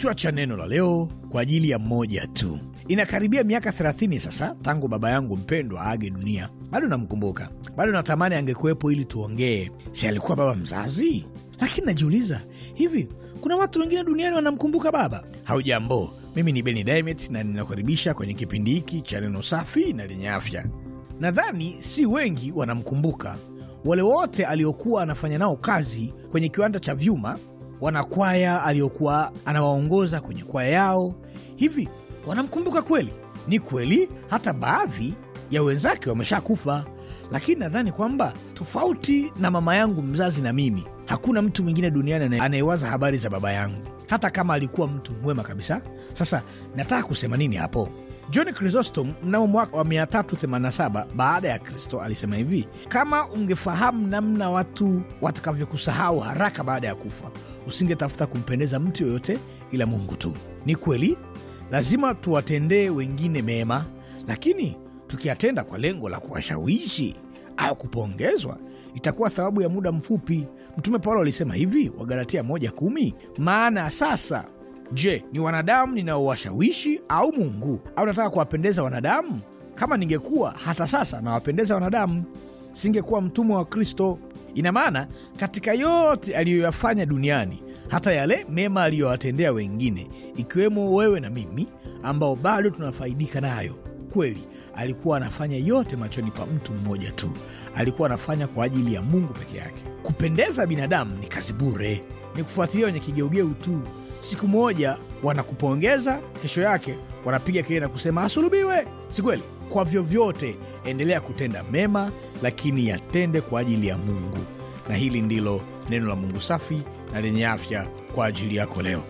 Kichwa cha neno la leo kwa ajili ya mmoja tu. Inakaribia miaka 30 sasa tangu baba yangu mpendwa aage dunia. Bado namkumbuka, bado natamani angekuwepo ili tuongee, si alikuwa baba mzazi. Lakini najiuliza hivi, kuna watu wengine duniani wanamkumbuka baba? Haujambo, mimi ni Beni Dimet na ninakaribisha kwenye kipindi hiki cha neno safi na lenye afya. Nadhani si wengi wanamkumbuka, wale wote aliokuwa anafanya nao kazi kwenye kiwanda cha vyuma wanakwaya aliyokuwa anawaongoza kwenye kwaya yao. Hivi wanamkumbuka kweli? Ni kweli hata baadhi ya wenzake wameshakufa, lakini nadhani kwamba tofauti na mama yangu mzazi na mimi, hakuna mtu mwingine duniani anayewaza habari za baba yangu, hata kama alikuwa mtu mwema kabisa. Sasa nataka kusema nini hapo? John Chrysostom mnamo mwaka wa 387 baada ya Kristo alisema hivi, kama ungefahamu namna watu watakavyokusahau haraka baada ya kufa, usingetafuta kumpendeza mtu yoyote ila Mungu tu. Ni kweli, lazima tuwatendee wengine mema, lakini tukiyatenda kwa lengo la kuwashawishi au kupongezwa itakuwa thawabu ya muda mfupi. Mtume Paulo alisema hivi, Wagalatia 1:10, maana sasa Je, ni wanadamu ninaowashawishi au Mungu? Au nataka kuwapendeza wanadamu? Kama ningekuwa hata sasa nawapendeza wanadamu, singekuwa mtumwa wa Kristo. Ina maana katika yote aliyoyafanya duniani, hata yale mema aliyowatendea wengine, ikiwemo wewe na mimi, ambao bado tunafaidika nayo kweli alikuwa anafanya yote machoni pa mtu mmoja tu. Alikuwa anafanya kwa ajili ya Mungu peke yake. Kupendeza binadamu ni kazi bure, ni kufuatilia wenye kigeugeu tu siku moja wanakupongeza, kesho yake wanapiga kelele na kusema asulubiwe. Si kweli? Kwa vyovyote, endelea kutenda mema, lakini yatende kwa ajili ya Mungu. Na hili ndilo neno la Mungu safi na lenye afya kwa ajili yako leo.